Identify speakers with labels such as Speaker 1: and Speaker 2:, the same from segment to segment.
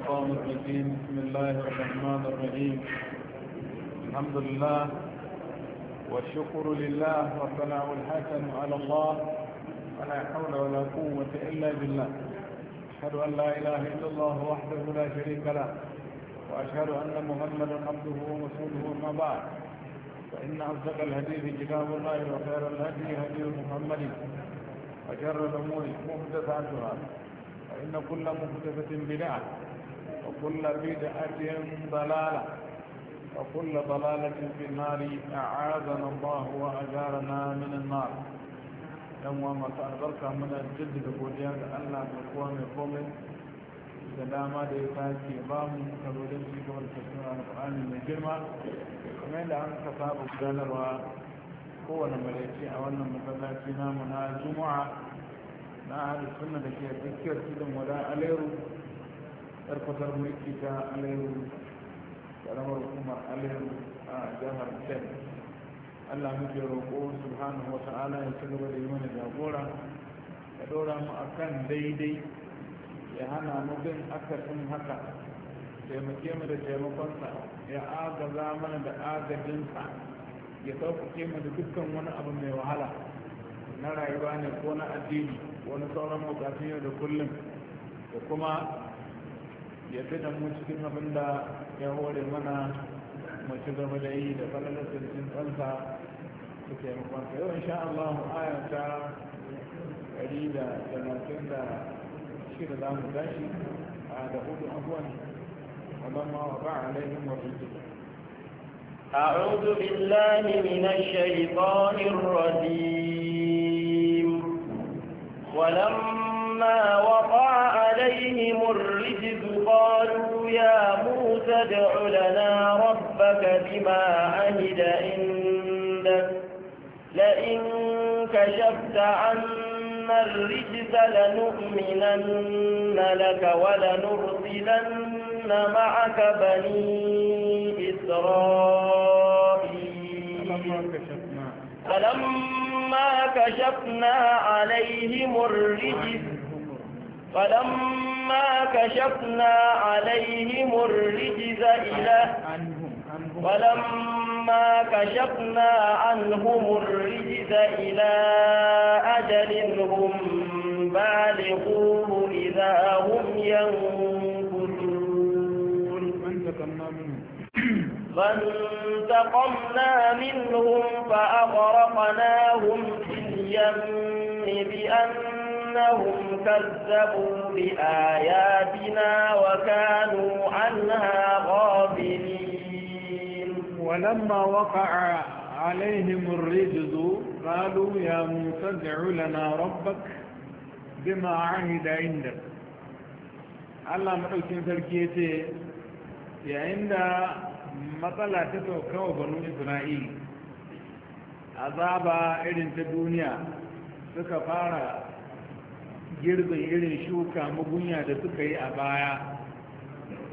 Speaker 1: الشيطان الرجيم بسم الله الرحمن الرحيم الحمد لله والشكر لله والصلاة الحسن على الله ولا حول ولا قوة إلا بالله أشهد أن لا إله إلا الله وحده لا شريك له وأشهد أن محمدا عبده ورسوله أما بعد فإن أصدق الحديث كتاب الله وخير الهدي هدي محمد وشر الأمور محدثاتها فإن كل محدثة بدعة وكل بدعة ضلالة وكل ضلالة في النار أعاذنا الله وأجارنا من النار يوم تأذرك من الجد بقوليان أن لا قوم قومي سلام عليك يا بام كبرت في كل القرآن المجمع من الآن كتاب الجلر هو نمريتي أو نمريتي نام الجمعة لا نا سنة السنة ذكر كده ولا عليه karfatar mulki ta alayyar karamar kuma alayyar a jihar ken allah muke roƙo subhanahu wa ta'ala ya ci gaba da yi mana jagora ya ɗora mu a kan daidai ya hana mu bin akasin haka taimake mu da taimakonsa ya agaza mana da agajinsa ya sauƙaƙe mu da dukkan wani abu mai wahala na rayuwa ne ko na addini wani sauran bukatun yau da kullum da kuma ya fi da mu cikin abin da ya hore mana mu ci gaba da yi da falalar cikin kansa su taimakon sa yau insha Allah aya ta ɗari da talatin da shida za mu tashi a da hudu abuwan wadon ma wa ba alaihim wa fiye
Speaker 2: أعوذ بالله من الشيطان الرجيم ولما وقع يا موسى ادع لنا ربك بما عهد عندك لئن كشفت عنا الرجس لنؤمنن لك ولنرسلن معك بني إسرائيل فلما كشفنا عليهم الرجس فلما فلما كشفنا عليهم الرجز إلى فلما كشفنا عنهم الرجز إلى أجل هم بالغوه إذا هم ينكثون فانتقمنا منهم فأغرقناهم في اليم بأن أنهم كذبوا بآياتنا وكانوا عنها غافلين
Speaker 1: ولما وقع عليهم الرجز قالوا يا موسى ادع لنا ربك بما عهد عندك Allah maɗaukin sarki ya ce yayin da matsala ta saukawa banu isra'il azaba irin ta duniya suka fara girbin irin shuka mugunya da suka yi a baya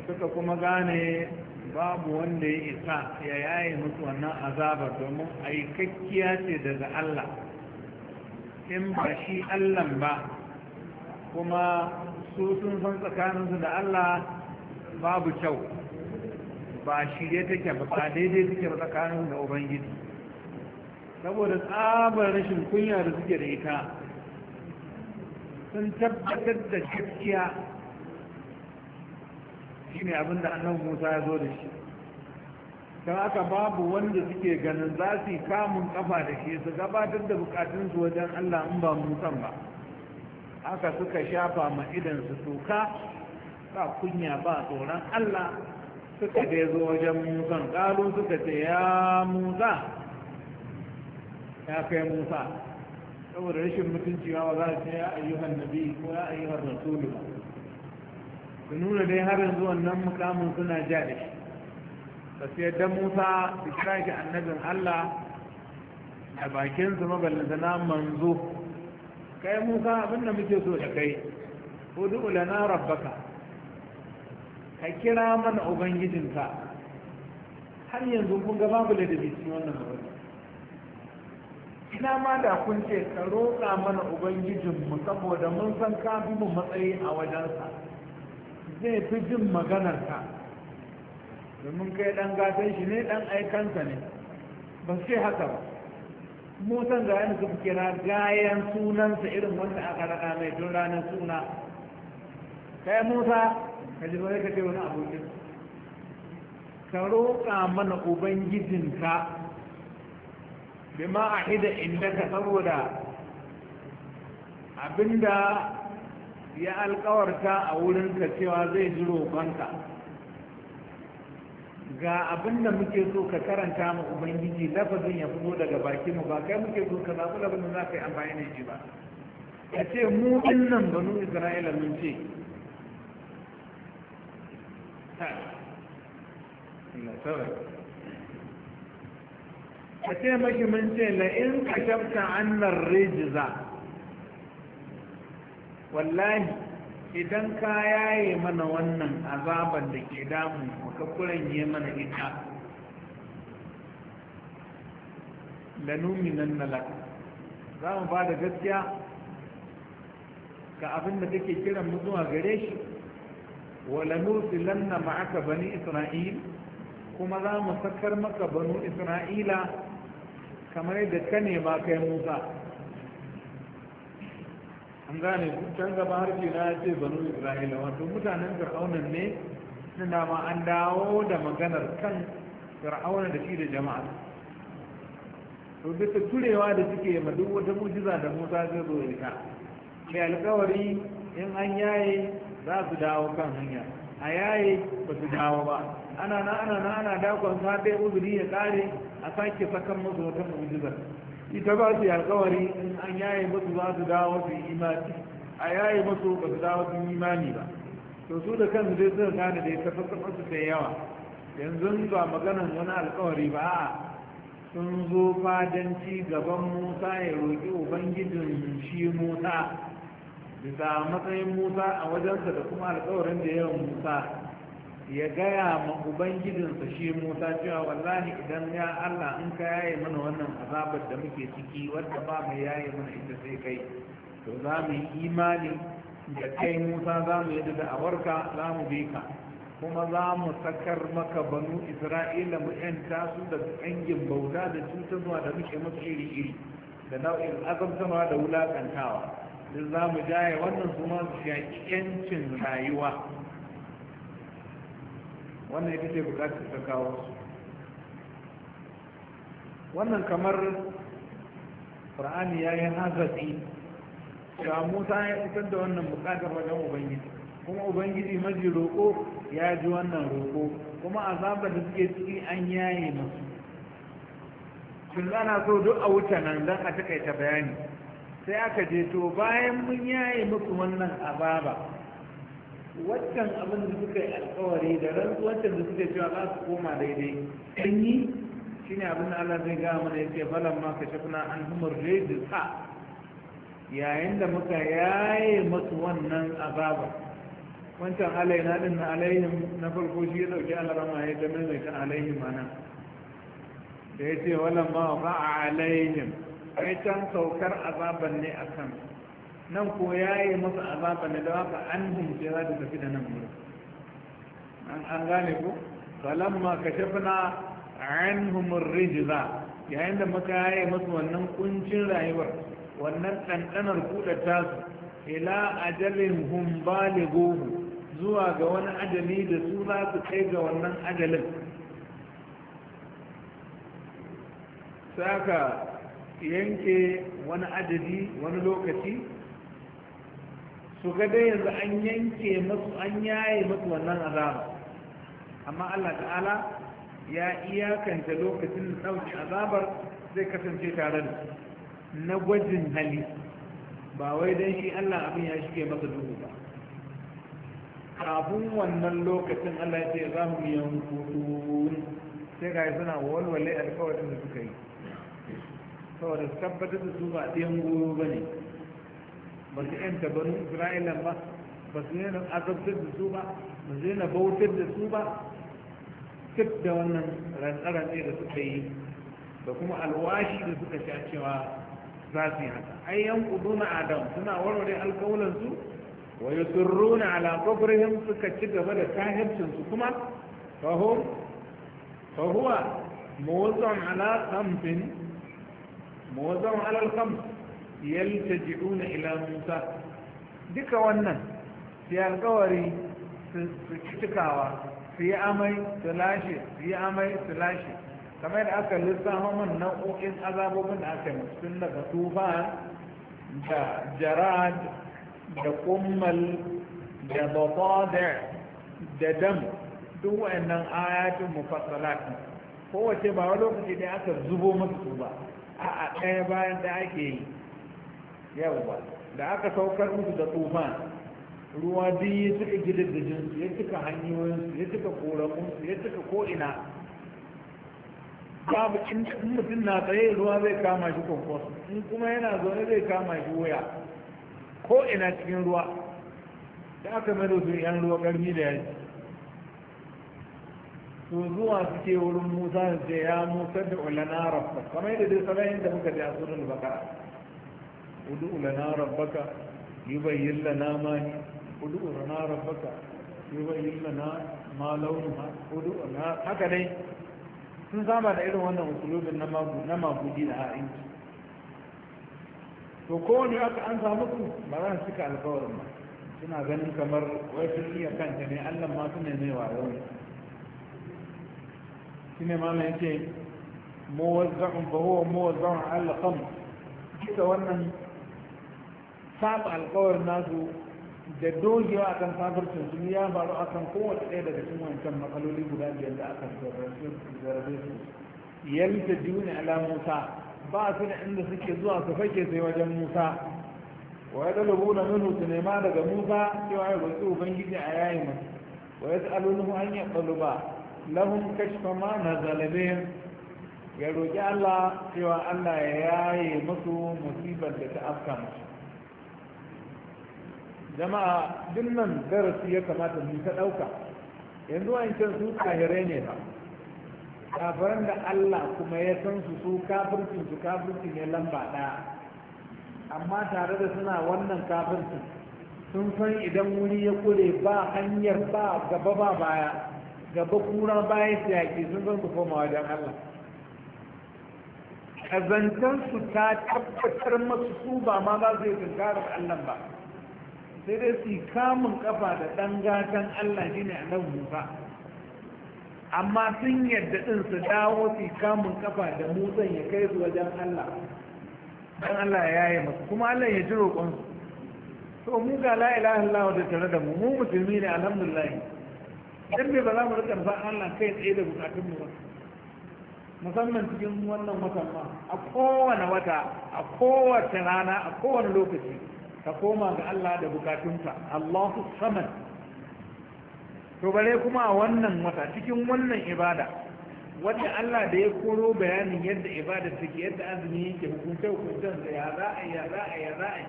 Speaker 1: suka kuma gane babu wanda ya isa ya yaye musu wannan azabar domin aikakkiya ce daga Allah in ba shi Allah ba kuma su sun san tsakaninsu da Allah babu kyau ba shi ya take ba daidai take tsakaninsu da Ubangiji saboda tsabar rashin kunya da suke da ita sun tabbatar da gaskiya shi ne abin da musa ya zo da shi don aka babu wanda suke ganin za su yi kamun kafa da shi su gabatar da bukatunsu wajen allah in ba musan ba aka suka shafa ma idan su toka ba kunya ba tsoron allah suka dai zo wajen musan ƙalu suka ce ya musa ya kai musa saboda rashin mutunci ba za a ce ya ayyuhan nabi ko ya ayyuhan rasulu ba su nuna dai har yanzu wannan mukamin suna ja da shi ba su yadda musa su kira shi annabin allah a bakinsu na manzo kai musa abinda muke so da kai Ko hudu lana rabbaka ka kira mana ubangijinka har yanzu kun ga babu ladabi cikin wannan magana ina ma da kun ce ka roƙa mana ubangijinmu saboda mun san ka fi mu matsayi a wajensa zai fi jin maganarka domin kai ɗan gatan shi ne ɗan aikansa ne ba ce haka ba musan da yana suka kira gayan sunansa irin wanda aka raɗa mai tun ranar suna kai musa ka ji ba ka ce wani abokin ka roƙa mana ubangijinka bima a hida indaka saboda abinda ya alkawarta a wurinka cewa zai ji roƙonka ga abinda muke so ka karanta ma ubangiji lafazin ya fito daga baki mu ba kai muke so ka zaɓi lafazin za ka yi amfani da shi ba ka ce mu nan banu isra'ila mun ce Allah ka ce mashi mun ce in ka shafta annar rijiza wallahi idan ka yaye mana wannan azaban da ke damu ka kuranye mana ita lanuminan nalaka za mu ba da gaskiya ga abin da kake kiran mu zuwa gare shi wa lanursilanna ma'aka bani isra'il kuma za mu sakar maka bani isra'ila kamar yadda ka nema kai musa an gane can gaba harshe na ce banu isra'ila wato mutanen fir'aunan ne suna ma an dawo da maganar kan fir'aunan da shi da jama'a to duk da turewa da suke ma duk wata mujiza da musa zai zo ita mai alkawari in an yaye za su dawo kan hanya a yaye ba su dawo ba ana na ana na ana dakon safe uzuri ya kare a sake sakan musu wata mu'jizar ita ba su alkawari in an yaye musu za su dawo su imani a yaye musu ba su dawo su imani ba to su da kansu dai suka gane da ta fasa su ta yawa yanzu ba maganan wani alkawari ba a sun zo fadanci gaban musa ya roƙi ubangijin shi musa bisa matsayin musa a wajensa da kuma alkawarin da yawan musa ya gaya ma ubangijinsa shi musa cewa wallahi idan ya allah in ka yaye mana wannan azabar da muke ciki wadda ba mai yaye mana ita sai kai to za mu yi imani da kai musa za mu yi da awarka za mu bi ka kuma za mu sakar maka banu isra'ila mu yanta su da ƙangin bauta da cutarwa da muke masu iri iri da nau'in azabtarwa da wulakantawa duk za mu jaye wannan su ma su shaƙi rayuwa wannan ya ce buƙatar ta kawo su wannan kamar ƙur'ani ya yi hazafi cewa musa ya fitar da wannan bukatar wajen ubangiji kuma ubangiji maji roƙo ya ji wannan roƙo kuma azabar da suke ciki an yaye masu tun ana so duk a wuce nan don a takaita bayani sai aka je to bayan mun yaye muku wannan ababa. waccan abin da suka yi alkawari da waccan da suka cewa za su koma daidai an yi shi ne abin da Allah zai gaya mana yake balan ma ka shafina an humar rejisa yayin da muka yaye masu wannan ababa. wancan na din na alaihim na farko shi ya dauki alarama ya ta maimaita alaihim mana da ya ce walan ma wa a alaihim ai can saukar azaban ne a kan nan ko ya yi masa azaban ne da haka an hunce za ta tafi da nan wurin an gane ko falamma kashafna anhum ar yayin da muka yi masa wannan kuncin rayuwar wannan ɗanɗanar kuɗa tasu ila ajalin hum balighuhu zuwa ga wani ajali da su za su kai ga wannan ajalin saka yanke wani adadi wani lokaci su ga dai yanzu an yanke masu an yaye masu wannan azaba amma Allah ta'ala ya iyakanta lokacin ɗauki azabar zai kasance tare da na gwajin hali ba wai don shi Allah abin ya shige masa duhu ba kafin wannan lokacin Allah ya ce za mu yankutu sai ga suna walwale alkawarin da suka yi saboda tabbatar da su ba ɗiyan goyo ba ne ba su yanta banu isra'ila ba ba su yana azabtar da su ba ba su yana bautar da su ba duk da wannan rantsarantse da suka yi da kuma alwashi da suka sha cewa za su yi haka ai yan na adam suna warware alkawulansu wa turu na kufrihim suka ci gaba da kahircin kuma fa huwa mawzun ala khamsin muwazzam alal khams yaltaji'una ila musa duka wannan sai alƙawari su cikawa su yi amai su lashe su amai su lashe kamar da aka lissafa man nau'o'in azabobin da aka yi sun daga tufa da jarad da kummal da batada da dam duk wa'annan ayatun mufassalat kowace ba wani lokaci da aka zubo masu su ba a a ɗaya bayan da ake yi yawwa da aka saukar musu da tufan ruwa din ya cika su ya cika hanyoyinsu ya cika koramunsu ya cika ko'ina babu in mutum na tsaye ruwa zai kama shi kwankwas in kuma yana zaune zai kama shi wuya ko'ina cikin ruwa da aka mai da su yan ruwa ƙarfi da yaki. to zuwa suke wurin musa su ce ya musa da ulana rabba kamar yadda dai sanayin da muka ji a sunan baka udu ulana yi yubayyin lana ma ne udu ulana yi yubayyin lana ma launuha udu ulana haka dai sun saba da irin wannan usulubin na magudi da ha'inci to kowane aka an samu su ba za su cika alkawarin ba suna ganin kamar wai sun iya kanta ne allah ma su ne mai wayo ne shine na yake muwazza'un ba huwa muwazza'un ala kham duka wannan saba alƙawarin nasu da dogewa akan kafircin sun ya faru akan kowace ɗaya daga cikin wancan matsaloli guda biyar da aka zarafe su yalta ne ala musa ba su da inda suke zuwa su fake sai wajen musa wa ya dalabu na minhu su nema daga musa cewa ya roƙi ubangiji a yayi masu wa ya sa'alu nuhu hanyar ɗaluba lahum kashfa ma na bihim ya roƙi Allah cewa Allah ya yaye musu musibar da ta afka musu jama'a nan darasi ya kamata mu ta ɗauka yanzu wa'ancan su kahirai ne ba kafiran da Allah kuma ya san su su kafirci su kafirci ne lamba ɗaya amma tare da suna wannan kafirci sun san idan wuri ya kure ba hanyar ba gaba ba baya gaba kura bayan su yaƙi sun zan su koma wajen Allah ƙazantansu ta tabbatar masu su ba ma za su yi tunkarar Allah ba sai dai su kamun kafa da ɗan gatan Allah shi ne a nan Musa amma sun yadda ɗin su dawo su kamun kafa da musan ya kai su wajen Allah dan Allah ya yi masu kuma Allah ya ji roƙonsu to mu ga la Allah da tare da mu mu musulmi ne alhamdulillah dan ba za mu rika ba Allah kai tsaye da bukatun mu ba musamman cikin wannan watan ma a kowane wata a kowace rana a kowane lokaci ka koma ga Allah da bukatunka Allahu saman to bare kuma a wannan wata cikin wannan ibada wanda Allah da ya koro bayanin yadda ibada take yadda azumi yake hukunce hukuncen da ya za a ya za a ya za a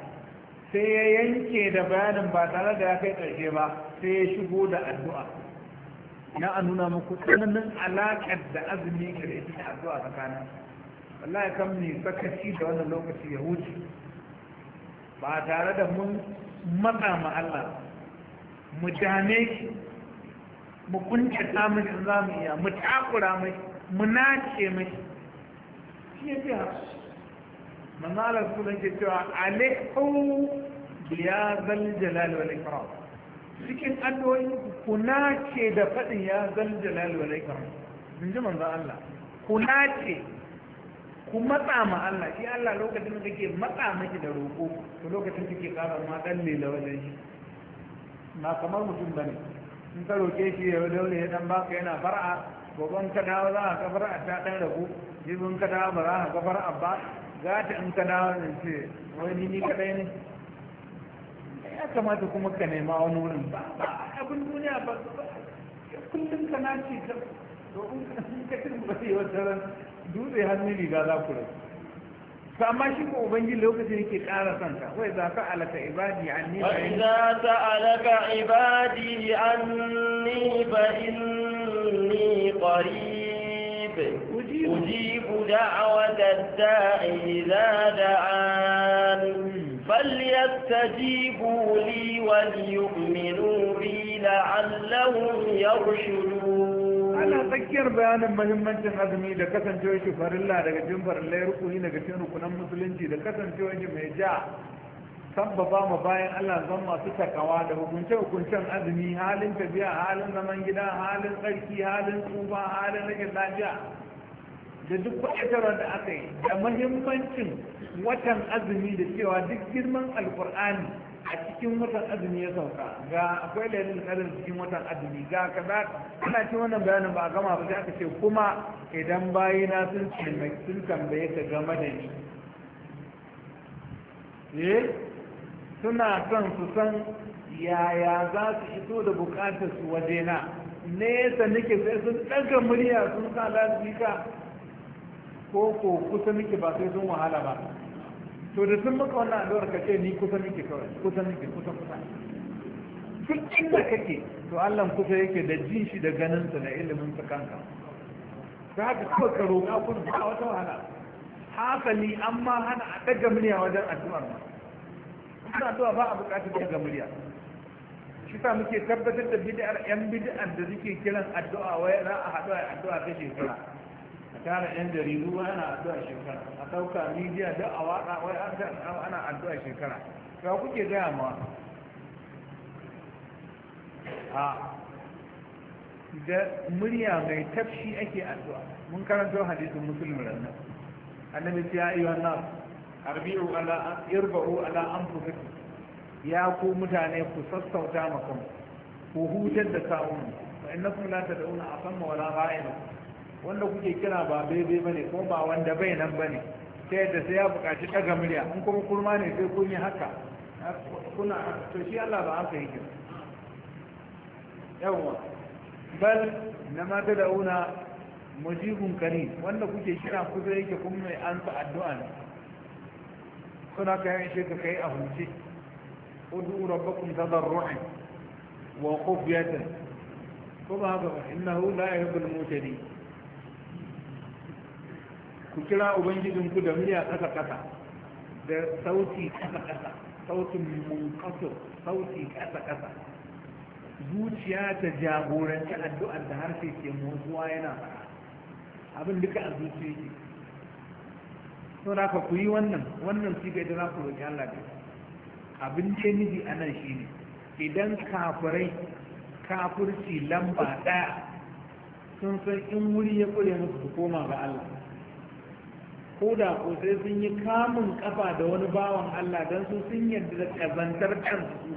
Speaker 1: sai ya yanke da bayanin ba tare da ya kai karshe ba sai ya shigo da addu'a na a nuna muku tsananin alaƙar da azumi ke da ita zuwa tsakanin ya kam ne sakaci da wannan lokaci ya wuce ba tare da mun matsa ma Allah mu dame shi mu kunce samun in za mu iya mu takura mai mu nace mai shi ya fi haka manzo Allah sunan ke cewa alaikau biya zal jalal wa ikram cikin addu'o'i ku nace da faɗin ya zan jalal wal ikram in ji manzo Allah kuna ce ku matsa ma Allah shi Allah lokacin da kake matsa miki da roƙo to lokacin kake ƙara ma dan lela wajen shi na kamar mutum bane in ka roƙe shi ya dole ya dan baka yana far'a gobon ka dawo za ka a ta dan ragu jibin ka dawo ba za ka a ba gata in ka dawo ne ce wani ni kadai ne ya kamata kuma ka nema wani wurin ba a abin duniya ba kundin a kullum ka na ce ka ba ka yi wata ran dutse hannun riga za ku rasu to amma shi ko ubangiji lokacin yake kara son ka wai za ka alaka ibadi anni ba in
Speaker 2: za ta alaka ibadi anni ba inni qarib ujibu da'wa da da'i da da'an فليستجيبوا لي وليؤمنوا بي لعلهم يرشدون Ana
Speaker 1: tsakiyar bayanin mahimmancin azumi da kasancewar shi farilla daga cikin rukuni daga cikin rukunan musulunci da kasancewar shi mai ja sabbaba ma bayan Allah zan masu takawa da hukunce-hukuncen azumi halin tafiya halin zaman gida halin tsarki halin tsufa halin rage lafiya da duk kwaɗatarwar da aka da mahimmancin watan azumi da cewa duk girman alkur'ani a cikin watan azumi ya sauka ga akwai lalin karin cikin watan azumi ga kaza ana cin wannan bayanin ba a gama ba aka ce kuma idan na sun sun tambaye ka game da ni eh suna son su san yaya za su iso da bukatar su waje na nesa nake sai sun ɗaga murya sun sa lasika ko ko kusa nake ba sai sun wahala ba to da sun maka wannan alluwar ka ce ni kusa miki kawai kusa miki kusa kusa duk inda kake to Allah kusa yake da jin shi da ganin sa da ilimin sa kanka ta haka kuma ka roƙa kun ba wata wahala hasali amma hana a daga murya wajen addu'ar ma kuma addu'a ba a buƙatar daga murya shi sa muke tabbatar da bid'ar yan bid'ar da suke kiran addu'a wai za a haɗu a addu'a kashe shekara a tara yan jaridu ana addu'a shekara a ɗauka midiya duk a waɗa wai ana addu'a shekara ya kuke gaya ma a da murya mai tafshi ake addu'a mun karanta hadisin musulmi ranar annabi ya yi wannan arbi'u ala irba'u ala anfusikum ya ku mutane ku sassauta makon ku hutar da sa'un fa innakum la tad'una asamma wala ra'ina wanda kuke kira ba daidai bane ko ba wanda bai nan bane ta yadda sai ya buƙaci ɗaga murya in kuma kurma ne sai kun yi haka kuna to shi Allah ba haka yake yawa bal na mata da una mujibun kari wanda kuke kira kusa yake kuma mai an sa addu'a ne suna kayan shi ka kai a hunce udu rabbakum tadarru'an wa khufyatan kuma haka innahu la yuhibbul mutadin ku kira ubangijinku da murya ƙasa ƙasa da sauti ƙasa ƙasa sautin munkaso sauti ƙasa ƙasa zuciya ta jagoranci addu'ar da harshe ke motsuwa yana fara abin duka a zuciya ke sau da ka ku yi wannan wannan siga da idan ku roƙi Allah ne abin ce miji a nan shi ne idan kafirai kafirci lamba ɗaya sun san in wuri ya ƙure musu su koma ga Allah ko da ko sai sun yi kamun kafa da wani bawan Allah don su sun yarda da kazantar kansu su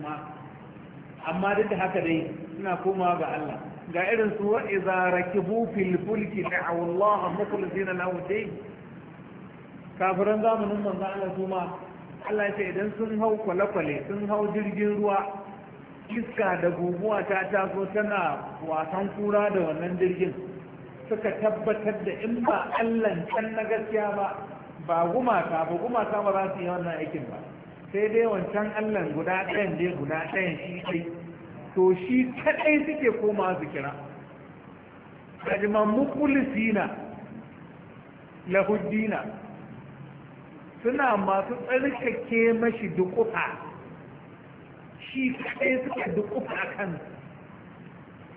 Speaker 1: amma duk da haka dai suna komawa ga Allah ga irin su wa iza rakibu fil fulki da'u Allah mukhlisin lahu din kafiran zamanin manzo Allah su ma Allah ya ce idan sun hau kwale-kwale sun hau jirgin ruwa iska da guguwa ta taso tana wasan kura da wannan jirgin suka tabbatar da in ba allan can na gaskiya ba ba gumaka ba gumaka ba za su yi wannan aikin ba sai dai wancan allan guda ɗayan dai guda ɗayan shi sai. to shi kaɗai suke koma su kira kajiman mukulisina lahuddina suna masu tsarkake mashi dukufa shi kaɗai suke dukufa kansu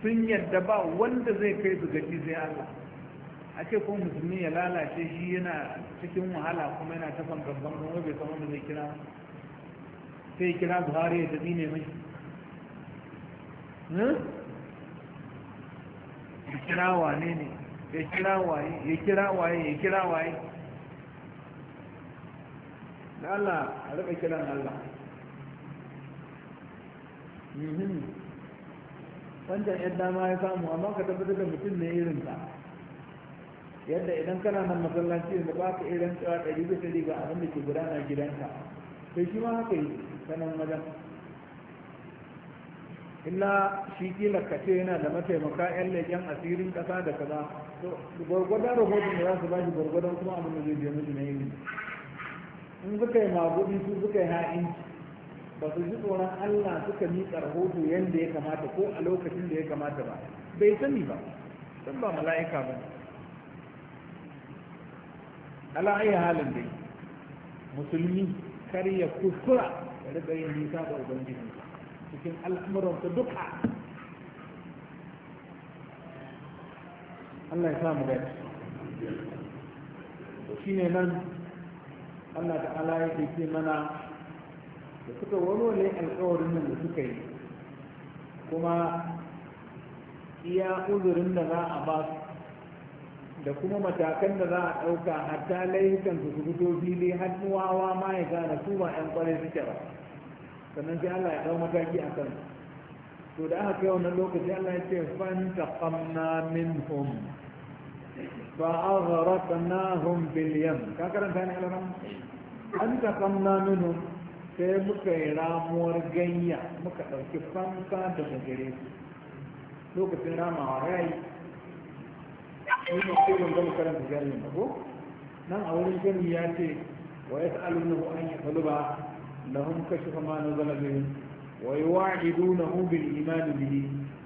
Speaker 1: sun yadda ba wanda zai kai su gaji sai Allah a ce kuma musulmi ya lalace shi yana cikin wahala kuma yana tafan gaban kuma bai san wanda zai kira sai kira buhari ya tafi ne mai hmm? ya kira wane ne ya kira waye ya kira waye ya kira waye da Allah a rika kiran Allah hmm. wancan yan dama ya samu amma ka tabbatar da mutum ne irin ka yadda idan kana nan masallaci da ba ka irin tsawa ɗari bisa ɗari ga abin da ke gudana gidanka sai shi ma haka yi sanan wajen illa shi kila ka ce yana da mataimaka yan leƙen asirin ƙasa da kaza to gwargwadon rahoton da za su ba shi gwargwadon kuma abin da zai je musu na yi in suka yi magudi su suka yi ha'inci ba su ji tsoron Allah suka miƙa rahoto yadda ya kamata ko a lokacin da ya kamata ba bai sani ba sun ba mala'ika ba ala ayi halin dai musulmi kar ya kuskura ya riga yin nisa da ubangiji cikin al'amuransa duka Allah ya samu shi shine nan Allah ta'ala yake ce mana da suka walwale alkawarin nan da suka yi kuma iya uzurin da za a ba da kuma matakan da za a ɗauka har ta laifukan su fito fili hannuwawa ma ya gane su ba 'yan kwarai suke ba sannan sai Allah ya ɗau mataki a kan to da aka kai wannan lokaci Allah ya ce fantaqamna minhum bil yam ka karanta ne على رمضان أنتقمنا minhum sai muka yi ramuwar ganya muka ɗauki fansa daga gare su lokacin ramawa rai yi ma sai ban gama karanta jarin ba ko nan a wurin gani ya ce wa ya sa'alu na an yi taluba lahum kashifa ma na zala bihi wa yi wa'idu na hu bil imani bihi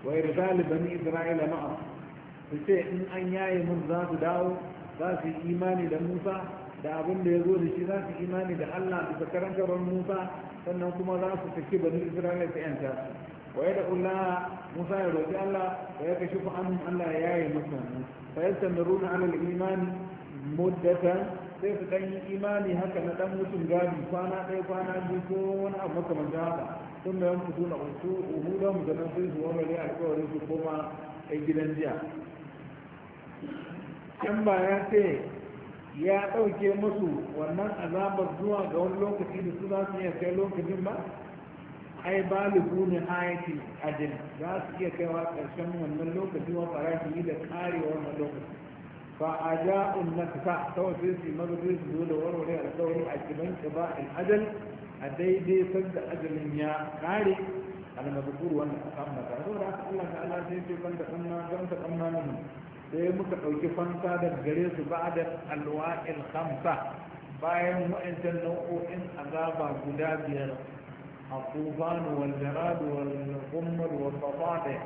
Speaker 1: wa yi rizali bani isra'ila ma'a su ce in an yaye mun za su dawo za su yi imani da musa da abin da ya zo da shi za su imani da Allah bisa karantarwar Musa sannan kuma za su ba bani Isra'ila su yanta wa ya da'ula Musa ya roƙi Allah wa ya kashi ku annun Allah ya yi musu fa yastamiruna ala al-iman muddatan sai su dan yi imani haka na dan mutum gadi kwana ɗaya kwana biyu ko wani abu makamantan haka sun da yanku suna su uhudan da nan sai su warware alƙawarin su koma a gidan jiya. Yan ba ya ce ya ɗauke musu wannan azabar zuwa ga wani lokaci da su za su iya kai lokacin ba ai ba lubunin ayati ajin za su iya kaiwa ƙarshen wannan lokaci wa yi da ƙarewa wannan lokaci fa a ja'un na kasa kawai sai su maza sai su zo da warware alƙawari a kiban ba in ajal a daidai sanda ajalin ya ƙare al-mazkur wannan akan mata saboda haka Allah ta'ala sai ce ban kanna banda kanna nan sai muka ɗauki fanka da gare su ba da alwa ilhamta bayan wa'ancan nau'o'in azaba guda biyar a kubanu wal jaradu wal kummar wal fafaɗe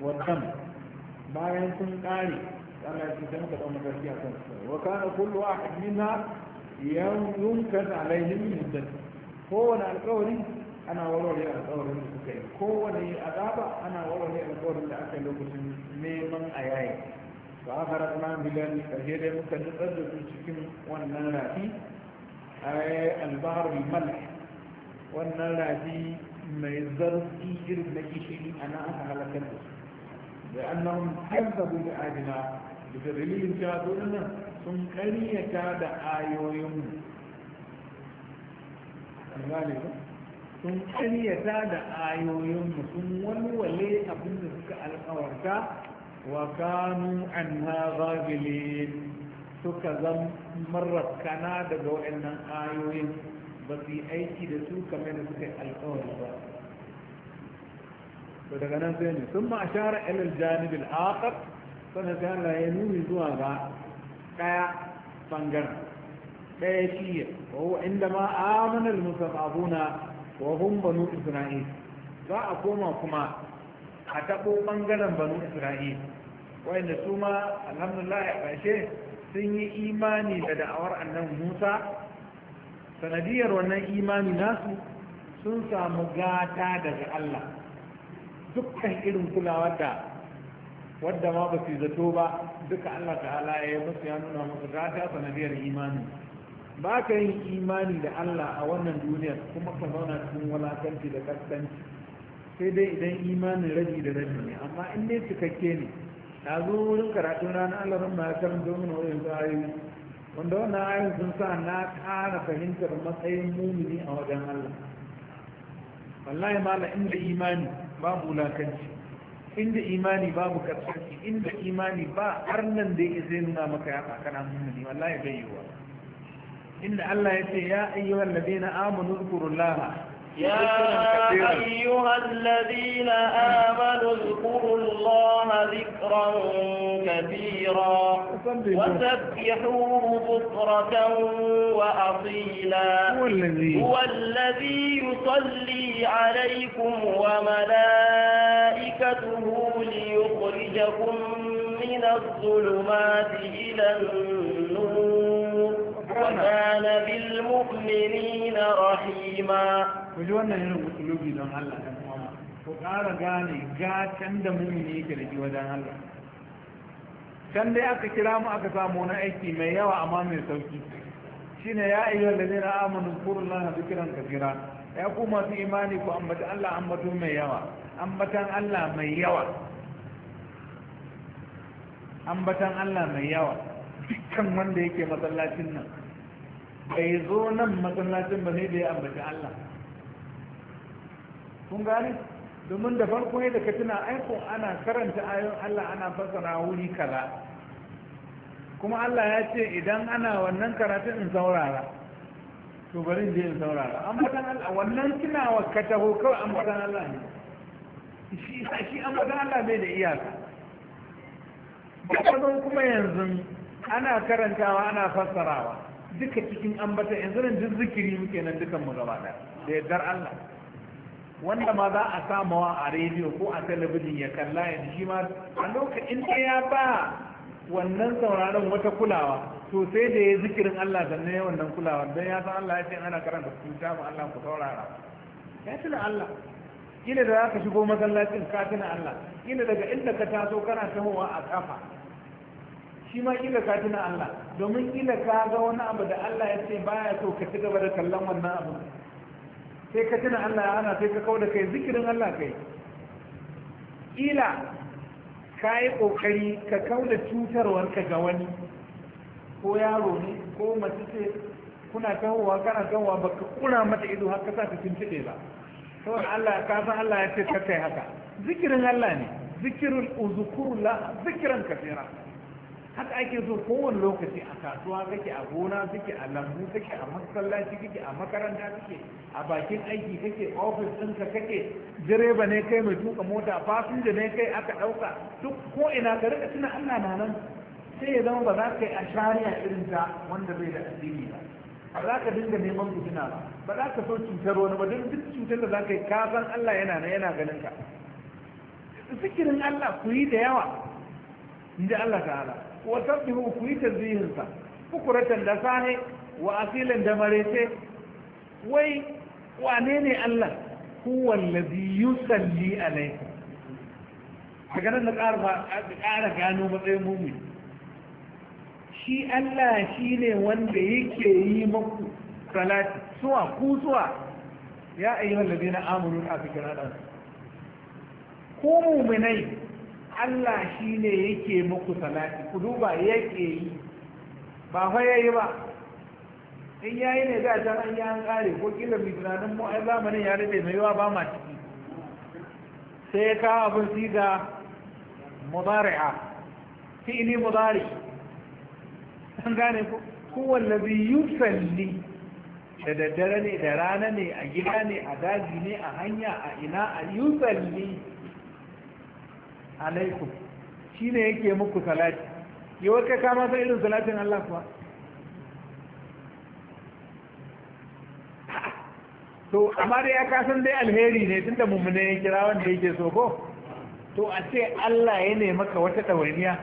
Speaker 1: wadam bayan sun ƙari ala shi sai muka kan su wa kana kullu wahid minna yunkar alaihim min dad kowane alƙawari ana warware alƙawarin da suka yi kowane azaba ana warware alƙawarin da aka yi lokacin neman a yayi ba harar na bilani karshe dai muka nutsar da su cikin wannan rafi ai albahar mal wannan rafi mai zarfi irin na gishiri a nan aka halakar da su da annahum kazzabu bi ajina da dalilin cewa dole sun karyata da ayoyin gane ba sun karyata da ayoyin sun walwale abin da suka alkawarta wa kanu anha suka zan marrakana daga waɗannan ayoyin ba su aiki da su kamar da suka yi alƙawari to daga nan sai ne sun ma a shahara ilil janibin aƙar sannan zuwa ga ɗaya ɓangaren ɗaya shiya wa inda ma amanar musafafuna wa hum banu isra'il za a koma kuma a taɓo ɓangaren banu isra'il wayanda su ma alhamdulillah ya ƙarshe sun yi imani da da'awar annan musa sanadiyar wannan imani nasu sun samu gata daga allah dukkan irin kulawa da wadda ma ba su zato ba duka allah ta'ala ya yi musu ya nuna musu gata sanadiyar imani ba ka yin imani da allah a wannan duniyar kuma ka zauna cikin wulakanci da kaskanci sai dai idan imanin rabi da rabi ne amma in dai cikakke ne na zo wurin karatu na na Allah ramma ya karanta min wajen ayoyi wanda wannan ayoyin sun sa na ƙara fahimtar matsayin mumini a wajen Allah wallahi mala inda imani babu wulakanci inda imani babu karsashi, inda imani ba har nan da ya zai nuna maka ya kana mumini wallahi bai yiwuwa inda Allah ya ce ya ayyuhal na amanu zkurullaha يا
Speaker 2: أيها الذين آمنوا اذكروا الله ذكرا كثيرا وسبحوه بكرة وأصيلا هو الذي, يصلي عليكم وملائكته ليخرجكم من الظلمات إلى النور وكان بالمؤمنين
Speaker 1: رحيما ku ji wannan irin usulubi don Allah ɗan uwa ku ƙara gane gatan da mumini yake da shi wajen Allah can dai aka kira mu aka samu wani aiki mai yawa amma mai sauki shine ya na ladina amanu kurullaha dhikran kafira ya ku masu imani ku ambata Allah ambato mai yawa ambatan Allah mai yawa ambatan Allah mai yawa dukkan wanda yake masallacin nan bai zo nan masallacin ba ne da ya ambaci Allah kun gani domin da farko ne da ka tuna aiko ana karanta ayoyin Allah ana fassara wuri kaza kuma Allah ya ce idan ana wannan karatu in saurara to bari je in saurara an fadan Allah wannan tunawa ka taho kawai an fadan Allah ne shi shi an fadan Allah bai da iyaka ba kuma yanzu ana karantawa ana fassarawa duka cikin ambata yanzu nan duk zikiri muke nan dukan mu gaba da yardar Allah wanda ma za a samawa a rediyo ko a talabijin ya kalla ya ji ma a lokacin da ya ba wannan sauraron wata kulawa to sai da ya zikirin Allah sannan ya wannan kulawa don ya san Allah ya ce ana karanta ku ta mu Allah ku saurara ya tuna Allah kila da za ka shigo masallacin ka tuna Allah kila daga inda ka taso kana tahowa a kafa shi ma kila ka tuna Allah domin kila ka ga wani abu da Allah ya ce baya so ka ci gaba da kallon wannan abu sai ka tuna Allah ya ana sai ka kawo da kai zikirin Allah kai ila ka yi ƙoƙari ka kau da ka ga wani ko yaro ne ko mace ce kuna kawowa kana kawowa ba ka kura mata ido har ka sa ta tuntuɗe ba saboda Allah ka san Allah ya ce ka kai haka zikirin Allah ne zikirul uzkurullah zikiran kasira har ake so kowane lokaci a kasuwa kake a gona kake a lambu kake a masallaci kake a makaranta kake a bakin aiki kake ofis ɗinka kake direba ne kai mai tuka mota fasinja ne kai aka ɗauka duk ko ina ka rika tuna allah na nan sai ya zama ba za ka yi shari'a irin ta wanda bai da addini ba ba za ka dinga neman fitina ba ba za ka so cutar wani ba don duk cutar da za ka yi ka san allah yana nan yana ganin ka zikirin allah ku yi da yawa in ji allah ta'ala wa sabbihu ku yi tasbihinsa bukuratan da sahe wa asilan da marece wai wane ne Allah huwa allazi yusalli alaikum daga nan na kara gano matsayin mummi shi Allah shi ne wanda yake yi maku salati suwa ku suwa ya ayyuhal ladina a cikin ku mu'minai Allah shi ne yake muku salati ku duba yake yi ba fa yayi ba in yayi ne a ta an yi an kare ko kila mai tunanin mu ai zamanin ya rade mai yawa ba ma ciki sai ka abin siga mudari'a fi'li mudari an gane ku huwa allazi yusalli da daddare ne da rana ne a gida ne a daji ne a hanya a ina a yusalli alaikum shi ne yake muku salati yawar kai kama san irin salatin Allah kuwa to amma dai ya kasan dai alheri ne tunda mummune ya kira wanda yake so ko to a ce Allah ya ne maka wata ɗawainiya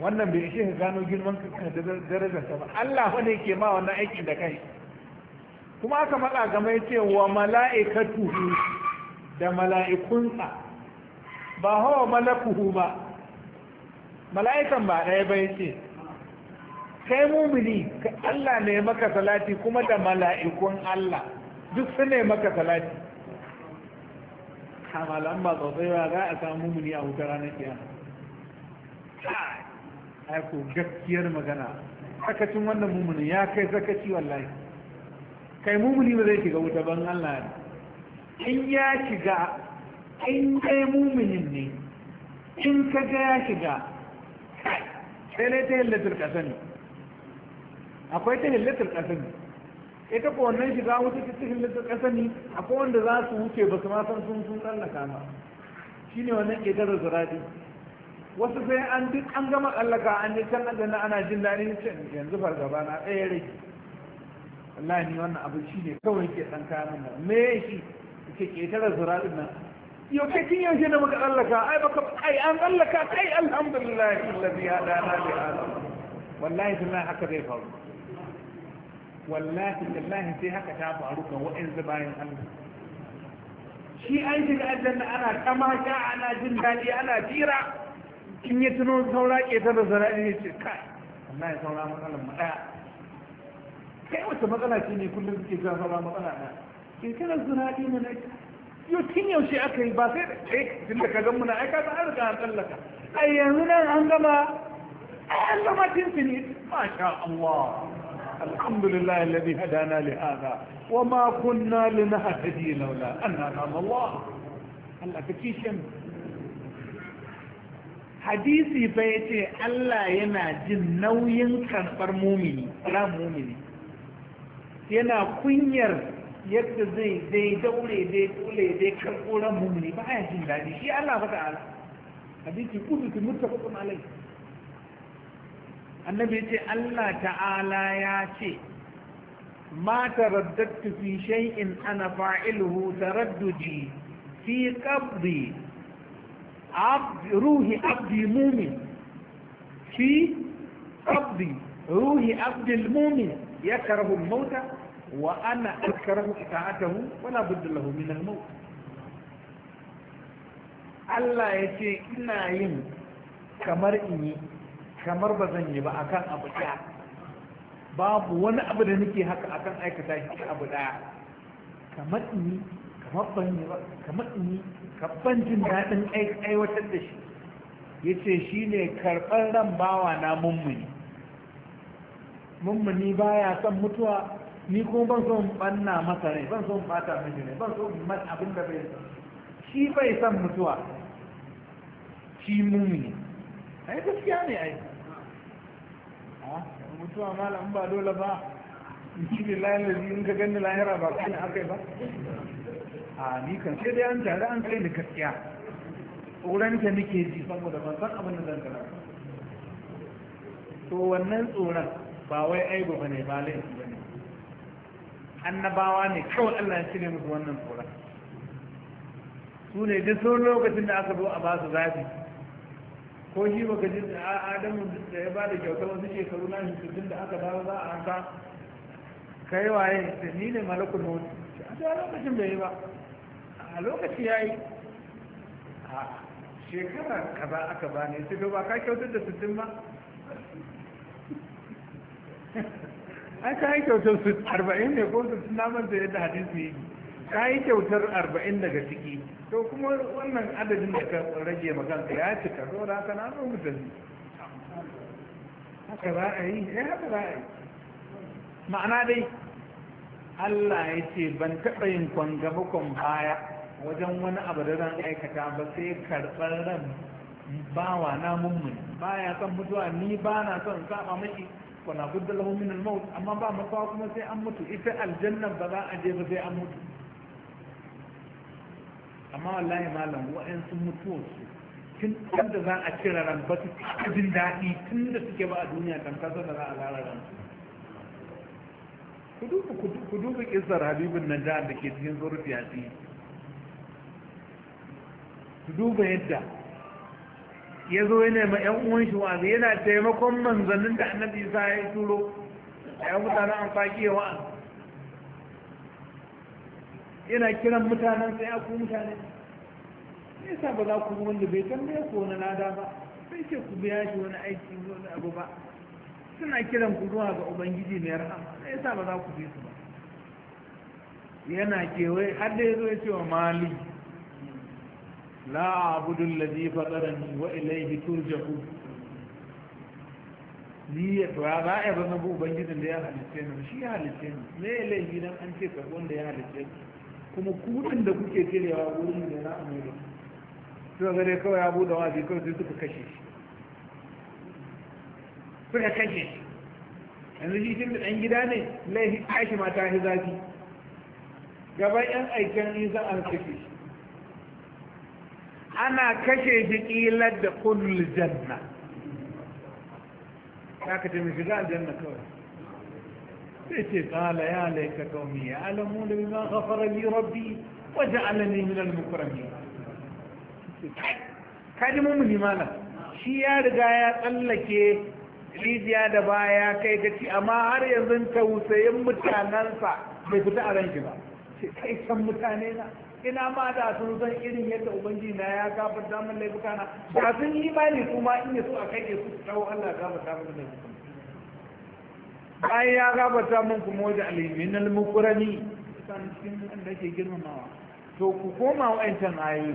Speaker 1: wannan bai shi ka gano girman ka ba Allah wani ke ma wannan aikin da kai kuma aka matsa game ce wa mala'ikatu da mala'ikunsa ba hawa malakuhu ba mala'ikan ba ɗaya ba ce. kai mumini Allah ne maka salati kuma da mala'ikun Allah duk su ne maka salati malam ba tsotsai ba za a samu mumini a wuta ranar kiyama ai ko gaskiyar magana sakacin wannan mumini ya kai sakaci wallahi kai mumini ba zai shiga wuta ban Allah ne in ya shiga in dai muminin ne in ka ga ya shiga sai ne ta hillatar ƙasa akwai ta hillatar ƙasa ita ko wannan shiga wuce ta ta littar ƙasa ne akwai wanda za su wuce ba su ma san sun sun tsallaka ba shi ne wannan ƙetare ziradi wasu sai an duk an gama tsallaka an yi can aljanna ana jin daɗin cin yanzu fargaba na ɗaya rage wallahi ni wannan abu shi ne kawai ke ɗan kayan nan me shi ke ƙetare ziradi nan يوم كتير يجينا ما قال لك أي بقف أي أن قال لك أي الحمد لله الذي هدانا لهذا والله في الله حكى ذي الفضل والله في الله في حكى شعب عروفنا وإن زباين الله
Speaker 2: شيء أي شيء أجلنا أنا كما
Speaker 1: جاء أنا جندالي أنا جيرا كم يتنون ثولا يتنون ثولا يتنون ثولا يتنون ثولا ما قال لهم أه كيف تبقى لك كل ذلك يتنون ثولا ما قال لهم كيف كان الزنادي من أجل yau tun yaushe aka yi ba sai da ɗaya tun da ka gan muna aika za a riga an tsallaka a yanzu nan an gama an gama tintini masha Allah alhamdulillah alladhi hadana li hada wa ma kunna linahtadi laula an hadana Allah Allah ka kishin hadisi fa yace Allah yana jin nauyin karbar mumini ran mumini yana kunyar yadda zai dai daure dai dole dai karɓo ran mummuni ba ya jin daɗi shi Allah fa ta'ala hadisi kudu tu muttafaqun alai annabi ce Allah ta'ala ya ce ma taraddadtu fi shay'in ana fa'iluhu taraddudi fi qabdi abd ruhi abdi mu'min fi qabdi ruhi abdi mu'min yakrahu al-mauta wa ana akrahu ta'atahu wala budda lahu min al-maut Allah ya ce ina yin kamar in yi kamar ba zan yi ba akan abu ɗaya babu wani abu da nake haka akan aikata shi abu ɗaya kamar in yi kamar ban yi ba kamar in kabban jin daɗin aiwatar da shi ya ce shi ne karɓar ran bawa na mummuni mummuni baya son mutuwa ni kuma ban so banna masa ne, ban so bata miji ne, ban so mat man abin da bai san shi bai san mutuwa shi mumini ai gaskiya ne ai mutuwa malam ba dole ba shi bi lalazi in ka gani lahira ba kai akai ba a ni kan sai dai an tare an kai da gaskiya tsoron ta nake ji saboda ban san abin da zan kana to wannan tsoron ba wai aibu bane ba laifi bane annabawa ne kawai Allah ya cire musu wannan tsoron su ne duk sun lokacin da aka zo a ba su zafi ko shi baka ji adamu da ya ba da kyautar wasu shekaru na shekaru da aka dawo za a hanka kai waye da ni ne malakul maut a lokacin bai yi ba a lokaci ya yi a shekara kaza aka ba ne su ba ka kyautar da sittin ba an ka yi kyautar su arba'in ne ko su suna da yadda hadisi yi ka yi kyautar arba'in daga ciki to kuma wannan adadin da ka rage maganka ya cika zo da haka na zo mutane haka za a yi ya eh, haka za a yi ma'ana dai Allah ya ce ban taɓa yin kwanga bakon baya wajen wani abu da zan aikata ba sai karɓar ran bawa na mummuni ba ya son mutuwa ni ba na son saba mashi فلا بد له من الموت اما با مصاطم سي اموت اذا الجنة بلا اجيب سي اموت اما الله ما لم وان سمتوس كن كن ذا اكرا ران بطي تكذن دائي كن ذا سكبا الدنيا كن كذا ذا اغارا ران كدوب كدوب كدوب حبيب النجاة لكي تنظر في عزيز كدوب هدى ya zo ya ma yan uwan shi wa'azi yana taimakon manzannin da annabi isa ya turo a yan mutanen amfaki ya wa'azi yana kiran mutanen sai aku mutane me sa ba za ku zo wanda bai tambaya ko wani lada ba sai ce ku biya shi wani aiki wani abu ba suna kiran ku zuwa ga ubangiji mai rahama me sa ba za ku bi su ba yana kewaye har da ya zo ya ce wa mali la abudu alladhi fatarani wa ilayhi turja'u ni ya to ba ya ba na ubangijin da ya halitta ni shi ya halitta ni me laifi don an ce karbon da ya halitta ni kuma kudin da kuke tirewa wurin da za na amuru suka gare kawai ya buɗe wazi kawai sai suka kashe shi suka kashe shi yanzu shi tun da ɗan gida ne laifi tashi mata shi zafi gaban 'yan aikin in za a kashe shi ana kashe shi ƙilar da kullum janna ya ka mai shiga aljanna kawai sai ce kala ya laika kaumi ya alamu da bima ghafara li rabbi wa ja'alani min al mukramin kaji mu limana shi ya riga ya tsallake rijiya da baya kai gaci amma har yanzu tausayin mutanensa bai fita a ranki ba sai kai san mutane na ina ma da sun san irin yadda ubangiji na ya gafarta min laifuka na ba sun yi ne kuma in yaso a kai su kawo Allah gafarta damar laifuka bayan ya gafarta min kuma wajen alimin al mukurani san cikin wanda ke girmamawa to ku koma wa'ancan ayoyi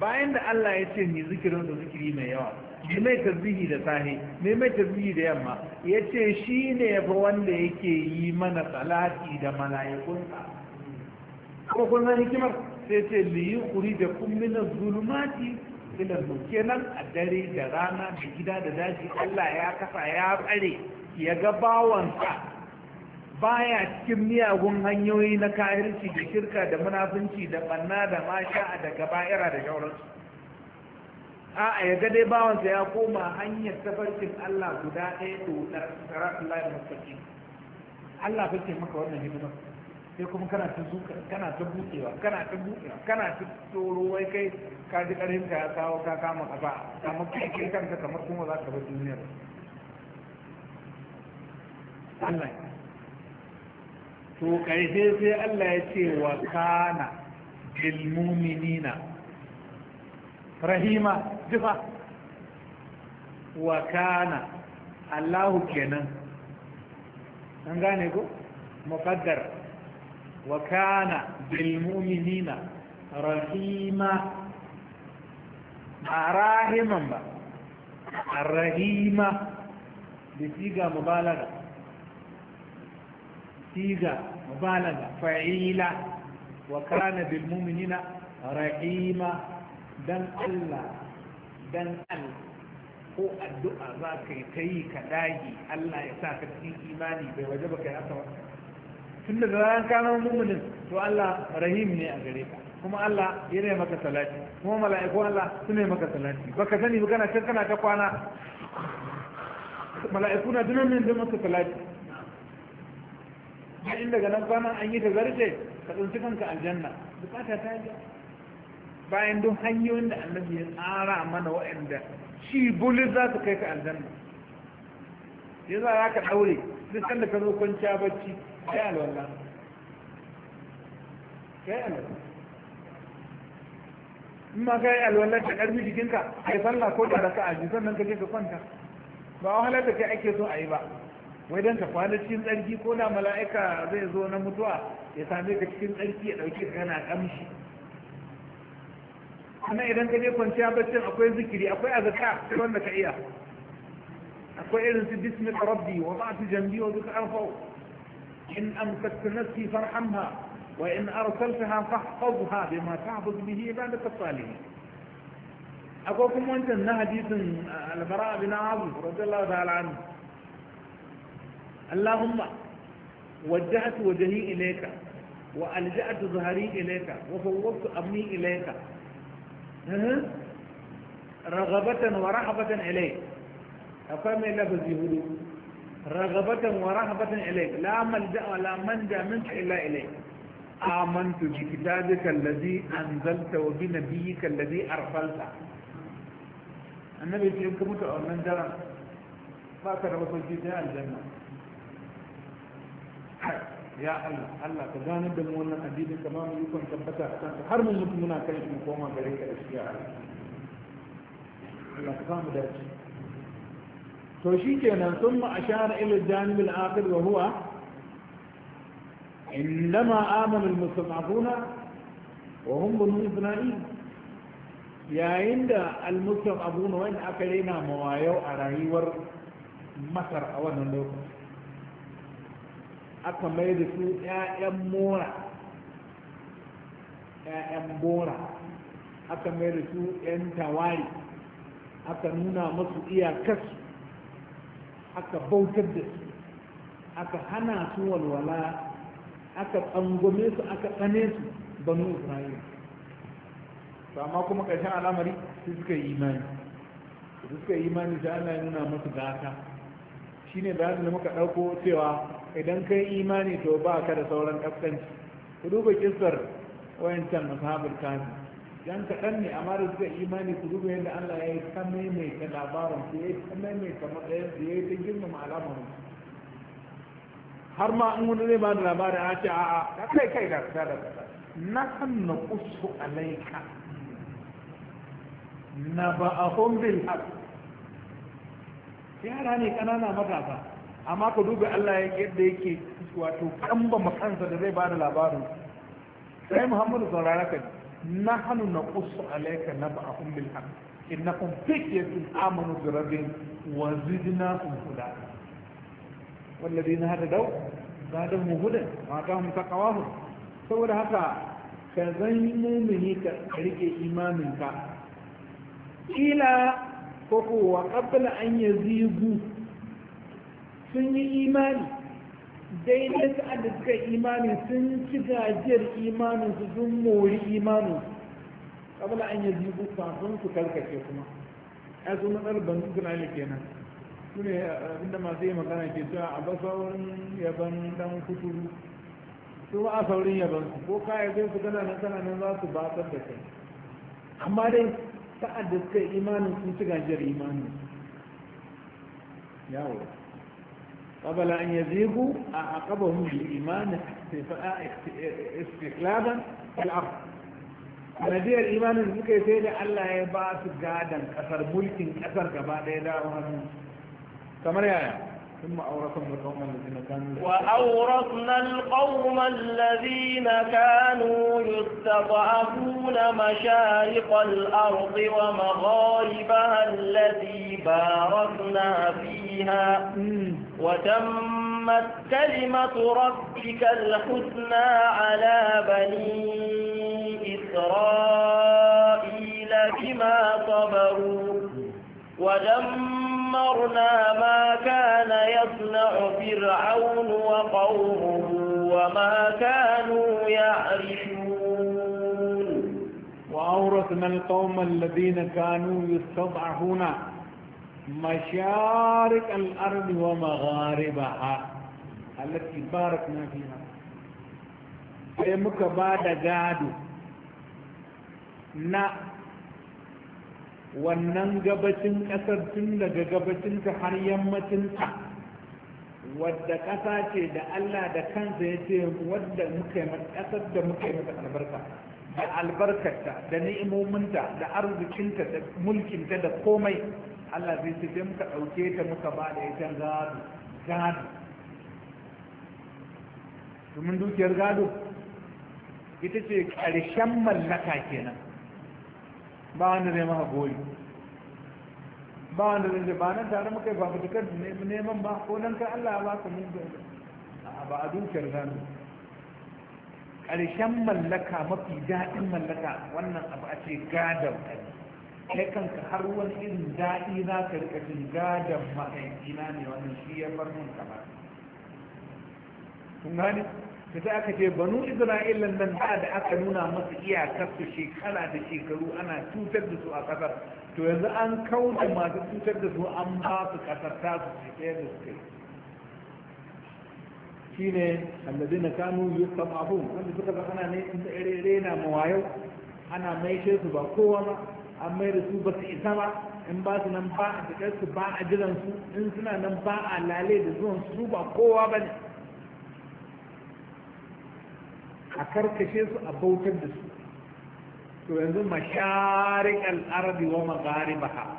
Speaker 1: bayan da Allah ya ce ni zikirin da zikiri mai yawa me mai tasbihi da sahi me mai tasbihi da yamma Ya ce shi ne fa wanda yake yi mana salati da mala'ikunsa kuma kun san hikimar sai ce liyi kuri da kumina zulumati ila kenan a dare da rana da gida da daji Allah ya kasa ya tsare ya ga bawansa baya cikin miyagun hanyoyi na kahirci da shirka da munafunci da banna da masha da gaba'ira da shauransu a ya ga dai bawansa ya koma hanyar tafarkin Allah guda ɗaya da wutar Allah ya mafarki Allah fake maka wannan hidimar sai kuma kana ta zuka kana ta buɗewa kana ta buɗewa kana ta tsoro wai kai ka ji ƙarfin ka ya kawo ka kama kafa kamar kai kai ka kamar kuma za ka bar duniyar Allah to ƙarshe sai Allah ya ce wa kana bil mu'minina rahima jifa wa kana Allahu kenan an gane ko muqaddar wa kana bil mu'minina rahima ba rahiman ba rahima da siga mubalaga siga fa'ila wa kana rahima dan Allah ko addu'a za ka yi ta yi ka dage Allah ya sa ka cikin imani bai waje kai haka tun da zaran ka zama mu'minin to Allah rahim ne a gare ka kuma Allah ya ne maka salati kuma mala'iku Allah suna maka salati baka sani ba kana can kana ta kwana mala'iku na dunan min da maka salati A inda ga nan kwana an yi ta zarce ka tsinci kanka aljanna bukata ta yi bayan duk hanyoyin da annabi ya tsara mana wa'anda shi bulis za su kai ka aljanna yanzu za ka ɗaure duk sanda ka zo kwanciya bacci kai alwallah kai alwallah in ma kai alwallah da ƙarfi jikinka kai sallah ko da raka aji sannan ka je ka kwanta ba wahalar da kai ake so a yi ba wai don ka kwana cikin tsarki ko na mala'ika zai zo na mutuwa ya same ka cikin tsarki ya ɗauke ka kana ƙamshi sannan idan ka je kwanciya baccin akwai zikiri akwai azaka ta wanda ka iya akwai irin su bismi rabbi wa ba'atu jambi wa duka an fawo إن أمسكت نفسي فارحمها وإن أرسلتها فاحفظها بما تعبد به بعد الصالحين أقولكم وانت أن حديث البراء بن عظيم رضي الله تعالى عنه اللهم وجهت وجهي إليك وألجأت ظهري إليك وفوضت أمني إليك أه؟ رغبة ورحبة إليك أقام إلا يهدو رغبة ورهبة إليك لا ملجأ ولا منجا منك إلا إليك آمنت بكتابك الذي أنزلت وبنبيك الذي أرسلت النبي يقول كم تؤمن جرم فاكر وصل في الجنة يا الله الله تجانب المولى الحديد كمان يكون أحسان هر من منا كيف نقوم بريك الأشياء الله تقام درجه to shi ke kenan sun ma'ashara ilil janibin akir wa huwa indama amanin musamman wa hun bunu isra'il yayin da almustan abuna wani aka rena mawayau a rayuwar masar a wannan lokacin aka mai da su 'ya'yan mora 'ya'yan bora aka mai da su 'yan tawari aka nuna masu iyakarsu aka bautar da su aka hana su walwala aka tsangome su aka tsane su banu isra'ila to amma kuma ƙarshen al'amari su suka yi imani su suka yi imani sai Allah ya nuna musu gata shine bayanin da muka ɗauko cewa idan kai imani to ba ka da sauran ƙasƙanci ku duba kissar wayancan ashabul kafin. dan kaɗan ne amma da suka imani su duba yadda Allah ya yi ta maimaita labarin su ya yi ta maimaita matsayin su ya yi ta girmama al'amarin har ma an wani zai ba da labarin a ce a'a ka kai kai da ka da ka na san na kusu alaika na ba a hombin har yara ne ƙanana matasa amma ka duba Allah ya yadda yake wato kamba makansa da zai ba da labarin sai Muhammadu saurara ka ji نحن نقص عليك نبأهم بالحق إنهم فتية آمنوا بربهم وزدناهم هدى والذين هدوا زادهم هدى وآتاهم تقواهم saboda haka ka zanyi mumini ka rike imaninka kila ko kowa ƙabla an yazigu sun yi imani daidai sa'ad da suka imani sun ci gajiyar imanin su sun mori imanin su kabla an yanzu gufa sun su karkace kuma ai su matsar ban isra'ila kenan su ne eh, abinda masu yi magana ke cewa a ba saurin yaban dan kuturu su ba a saurin yaban su ko kaya zai su gana na sana nan za su batar da kai amma dai sa'ad da suka imanin sun ci gajiyar imanin yawon yawo قبل أن يزيغوا أعقبهم بالإيمان استقلابا في الأرض نبي الإيمان الزكاة يسيري ألا يبعث قادا أثر ملك أثر قبادة إذا أهمهم كما رأيه ثم أورثنا القوم الذين كانوا
Speaker 2: وأورثنا القوم الذين كانوا يستضعفون مشارق الأرض ومغاربها التي باركنا فيها وتمت كلمة ربك الحسنى على بني إسرائيل بما صبروا ودمرنا ما كان يصنع فرعون وقومه وما كانوا
Speaker 1: يعرشون وأورثنا القوم الذين كانوا يستضعفون مشارق الأرض ومغاربها التي باركنا فيها أي muka جادو da na wannan gabacin ƙasar tun daga gabacin ta har yammacin ta wadda ƙasa ce da Allah da kansa ya ce wadda muka yi ƙasar da muka yi mata albarka da albarkarta da ni'imominta da arzikinta da mulkinta da komai Allah zai ce sai muka ɗauke ta muka ba da ita gado gado domin dukiyar gado ita ce ƙarshen mallaka kenan ba wanda zai maka gori ba wanda zai ce ba nan tare muka yi ba fitakar neman ba ko nan kan Allah ba ka mun ba a dukiyar zanu ƙarshen mallaka mafi daɗin mallaka wannan abu a ce gadon kai kai kanka har wani irin daɗi za ka rika jin gadon mahaifina ne wannan shi ya bar mun kamar kun gane ta aka ce banu isra'ila nan ba da aka nuna masu iyakar su shekara da shekaru ana cutar da su a kasar to yanzu an kauce masu cutar da su an ba su kasar ta su ce da su kai shine alladina kanu yusabahun wanda suka ga ana ne rena mawayau ana maishe su ba kowa ba an mai da su ba su isa ba in ba su nan ba a su ba a jiran su in suna nan ba a lale da zuwan su ba kowa ba ne a karkashe su a bautar da su to yanzu masharik al'arabi wa magharibaha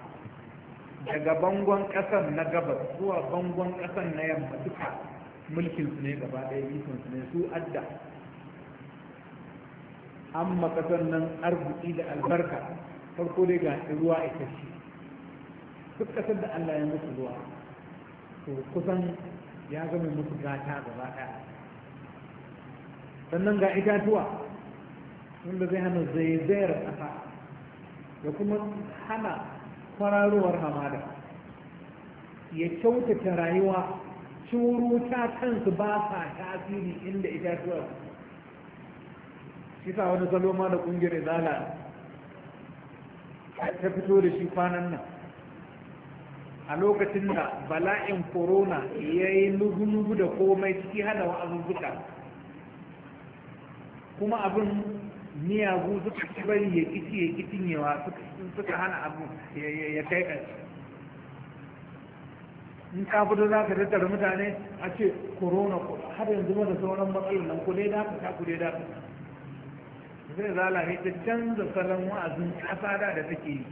Speaker 1: daga bangon ƙasar na gabas zuwa bangon ƙasar na yamma duka mulkin su ne gaba ɗaya ikon su ne su adda amma ƙasar nan arziki da albarka farko dai ga ruwa ita ce duk kasar da Allah ya musu ruwa to kusan ya zama musu gata gaba ɗaya sannan ga itatuwa wanda zai hana zaizayar ƙasa da kuma hana kwararowar hamada ya kyautata rayuwa curuta kansu ba sa tasiri inda itatuwa shi sa wani salo da ƙungiyar izala ta fito da shi kwanan nan a lokacin da bala'in corona ya yi nugu-nugu da komai ciki hada wa'azuzzuka kuma abin miyagu suka ci bari ya kici ya kitin yawa suka hana abin ya kai in ka fito za ka tattara mutane a ce korona ko har yanzu mana sauran matsalar nan ku dai da ka ku dai da ka zai ne ta canza salon wa'azin ƙasa da da take yi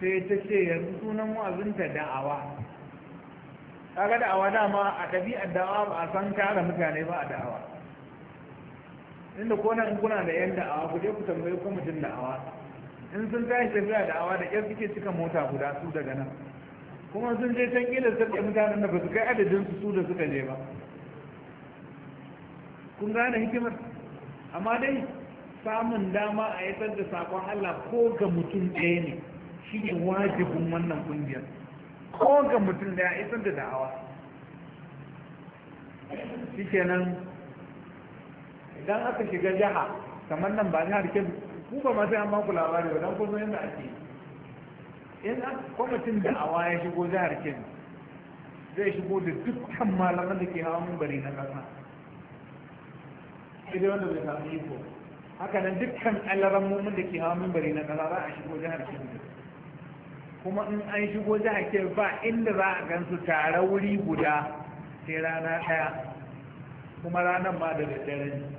Speaker 1: sai ta ce yanzu sunan wa'azinta da'awa kaga da'awa dama a ɗabi'ar da'awa ba a san kare mutane ba a da'awa inda ko nan kuna da yan da'awa ku je ku tambayi kwamitin da'awa in sun tashi tafiya da'awa da ƙyar suke cika mota guda su daga nan kuma sun je can kila sun mutanen da ba su kai adadin su su da suka je ba kun gane hikimar amma dai samun dama a yi da sakon Allah ko ga mutum ɗaya ne shi ne wajibin wannan ƙungiyar ko ga mutum ɗaya yi da da'awa shi kenan idan aka shiga jiha kamar nan ba jihar kebbi ku ba ma sai an baku labari ba don ku san yadda ake in kwamitin da awa ya shigo jihar kebbi zai shigo da dukkan malaman da ke hawa bari na kasa idan wanda bai samu iko haka nan dukkan alarammomin da ke hawa bari na kasa za a shigo jihar kebbi kuma in an shigo jihar kebbi ba inda za a gansu tare wuri guda sai rana ɗaya kuma ranar ma da daddare ne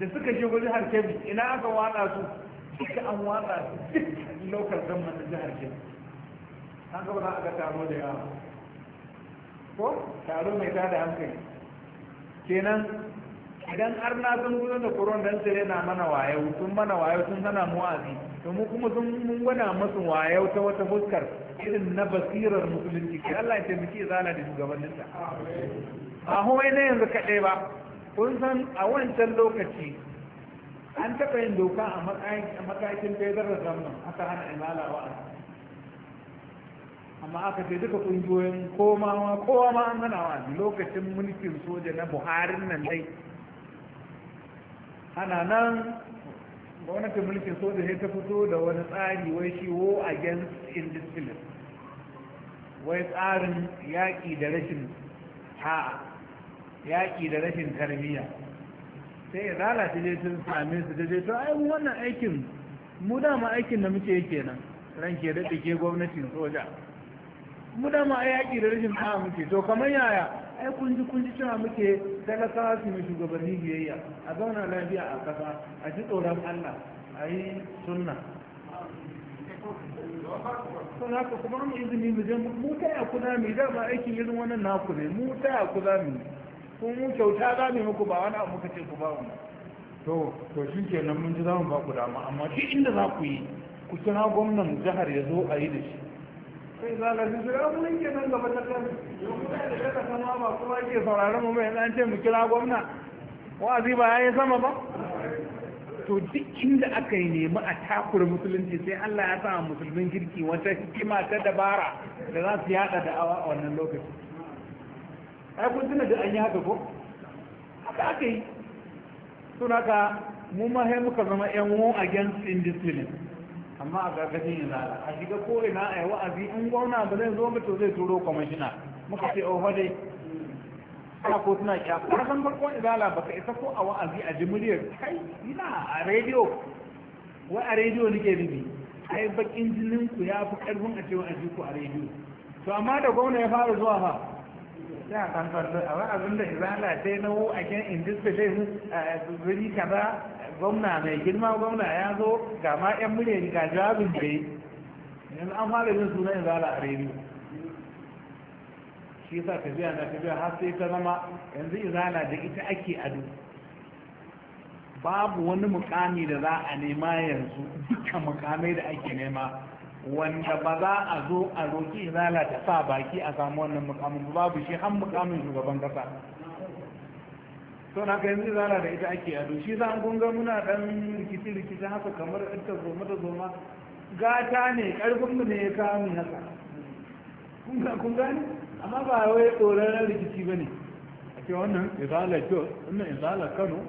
Speaker 1: da suka shigo jihar kebbi ina aka wada su duka an wada su duk lokal zaman na jihar kebbi an ga za a taro da yawa ko taro mai da hankali kenan idan har na sun gudu da kuron dan tsere na mana wayo sun mana wayo sun sana mu azi to mu kuma sun mun gwada masu wayo ta wata fuskar irin na basirar musulunci ke Allah ya taimaki zana da shugabanninta a homai ne yanzu kaɗai ba kun san a wancan lokaci an taɓa yin doka a matakin fedar da zaman aka hana imala wa amma aka ce duka ƙungiyoyin komawa kowa ma an hana wa lokacin mulkin soja na buhari nan dai ana nan gwamnatin mulkin soja sai ta fito da wani tsari wai shi wo against indiscipline wai tsarin yaƙi da rashin ha'a. yaƙi da rashin tarbiyya sai ya lalace dai sun sami su da to ai wannan aikin mu dama aikin da muke yake nan ran ke daɗe ke gwamnatin soja mu dama ai yaƙi da rashin ta'a muke to kamar yaya ai kunji kunji cewa muke talakawa su mai shugabanni biyayya a zauna lafiya a ƙasa a ji tsoron Allah a yi sunna sun haka kuma mu izini mu je mu taya ku za mu yi dama aikin irin wannan naku ne mu taya ku za mu yi kun kyauta za mu muku ba wani abu kace ku ba mu to to shi kenan mun ji za mu ba ku dama amma duk inda za ku yi ku kira gwamnan jihar ya zo a yi da shi sai za ka ji jira mun yake nan gaba ta kan yau kuma da daga sama ba kuma yake sauraron mu mai an ce mu kira gwamna wa'azi ba ya yi sama ba to duk inda aka yi nemi a takura musulunci sai Allah ya sa musulmin kirki wata hikima ta dabara da za su yada da'awa a wannan lokaci ai kun tuna da an yi haka ko haka aka yi suna ka mu ma sai muka zama yan wo against indiscipline amma a gargajin yanzu a shiga ko ina a yi wa'azi in gwamna ba zai zo mutu zai turo kwamishina muka ce oh dai ana ko suna kya farkon farkon izala baka isa ko a wa'azi a ji muryar kai ina a rediyo wai a rediyo nake bibi ai bakin jinin ku ya fi karfin a cewa a ji ku a rediyo to amma da gwamna ya fara zuwa fa ya a fanfarto a wa abin da izala dai na wo a kyan indispilin a guri kaza gwamna mai girma gwamna ya zo ga ma yan murya ga jawabin da yi yanzu an fara yin sunan izala a rediyo shi yasa tafiya na tafiya har sai ta zama yanzu izala da ita ake ado babu wani mukami da za a nema yanzu dukkan mukamai da ake nema wanda ba za a zo a roƙi izala ta sa baki a samu wannan mukamin babu shi han mukamin shugaban kasa to na ka yanzu izala da ita ake yado shi za a gunga muna dan rikici rikici haka kamar ta zoma ta zoma gata ne karfin mu ne ya kawo haka kun ga kun amma ba wai tsoron rikici ba ne. a ce wannan izala jos wannan izala kano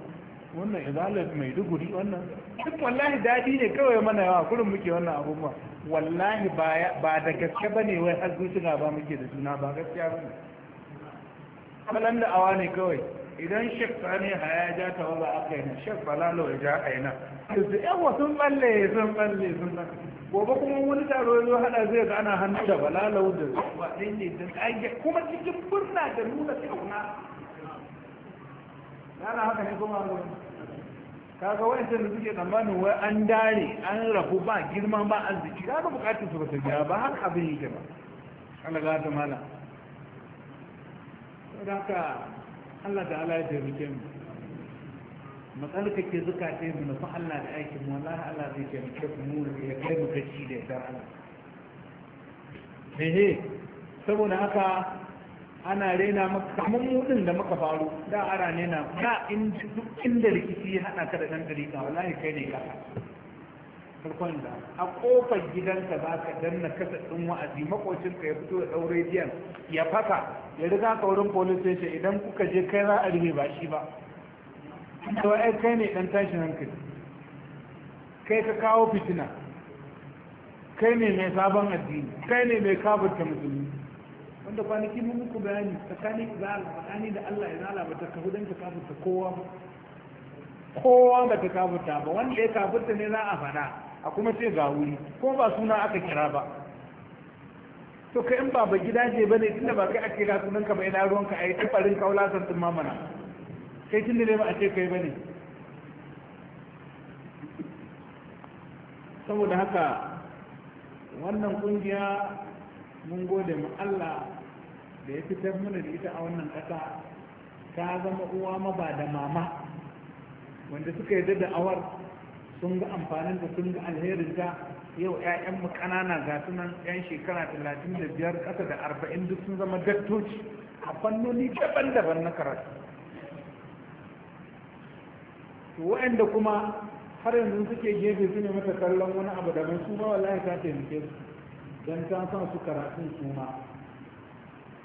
Speaker 1: wannan izala maiduguri wannan duk wallahi dadi ne kawai mana yawa kurin muke wannan abubuwa wallahi ba da gaske ba ne wai har ba muke da juna ba gaskiya ba ne kalan da awa ne kawai idan shek sani haya ja ta wala aka yana shek falalo ya ja a yana su yawa wasu balle sun balle sun balle gobe kuma wani taro ya zo hada zai ga ana hannu da balalau da zuwa ɗin ne da tsage kuma cikin burna da nuna na. Ya na haka ne kuma wani kaga wani sanda suke tsammanin wai an dare an rabu ba girman ba arziki kaga bukatun su ba su biya ba har abin yake ba Allah ga ta da ka Allah da Allah ya taimake mu matsalar ke zukata mu fa Allah da aikin mu allah Allah zai taimake mu ya kai mu gaci da ya Allah ehe saboda haka ana raina maka kamar mudin da muka faru da ara na ka in duk inda rikici ya hada ka da dan dariƙa wallahi kai ne ka farkon da a kofar gidanka za ka danna kasa ɗin wa'azi makocinka ya fito da daure biyan ya fasa ya riga ka wurin police station idan kuka je kai za a rime ba shi ba to ai kai ne dan tashin hankali kai ka kawo fitina kai ne mai sabon addini kai ne mai kafirta musulmi da kwanaki mun muku bayani tsakanin a tsakanin da Allah ya zala bata kafu don ta kafuta kowa kowa ba ta kafuta ba wanda ya kafuta ne za a fada a kuma ce ga wuri ko ba suna aka kira ba to kai in ba ba je ba ne tunda ba kai ake kira sunan ka ba ina ruwanka ai tabarin kaulasan tun mamana kai tunda ne ba a ce kai ba ne saboda haka wannan kungiya mun gode mu Allah da ya fitar mana da ita a wannan ƙasa ta zama uwa maba da mama wanda suka yarda da awar sun ga amfanin da sun ga alherin ta yau mu ƙanana ga nan 'yan shekara talatin da biyar ƙasa da arba'in duk sun zama dattoci a fannoni daban-daban na karatu wa'anda kuma har yanzu suke gefe su ne mata kallon wani abu daban su ba wallahi ta taimake su don ta san su karatun suma.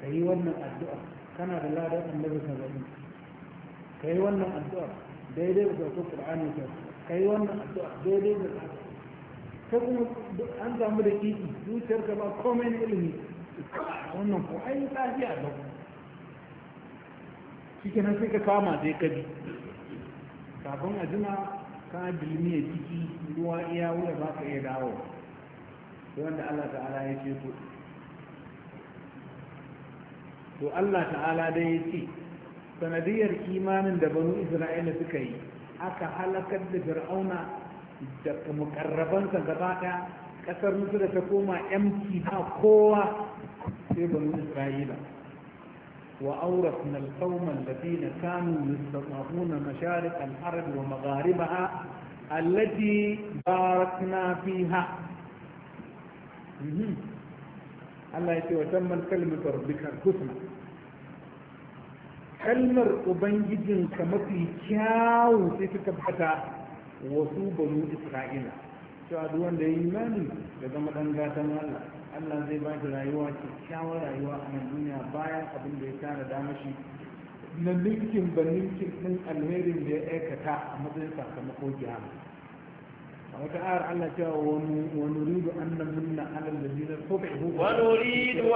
Speaker 1: ka yi wannan addu'a kana da ladar annabi saba'in ka yi wannan addu'a daidai da sauƙin qur'ani ka ka yi wannan addu'a daidai da ka kuma an samu da kiki zuciyar ka ba komai na ilimi wannan ko ai lafiya ba shi kenan sai ka kama sai ka bi kafin a jima ka bilmi ya ciki ruwa iya wuya ba ka iya dawo sai wanda Allah ta'ala ya ce ku to Allah ta'ala da yake sanadiyar imanin da banu isra'ila suka yi aka halakar da fir'auna da sa gaba ɗaya kasar musu ta koma yamki ha kowa sai banu isra'ila wa al-qawma alladhina kanu yastad'afuna masharik al-ard wa magharibaha allati barakna fiha Allah ya ce wa tammal kalimatu rabbika al-husna kalmar ka mafi kyawu sai ta tabbata wasu banu isra'ila cewa duk wanda ya yi imani da zama dan gatan allah allah zai ba shi rayuwa kyakkyawar rayuwa a nan duniya bayan abin da ya tana da mashi na ninkin ba ninkin din alherin da ya aikata a matsayin sakamako jihar وتعالى على ونريد أن نمن على الذين استضعفوا ونريد أن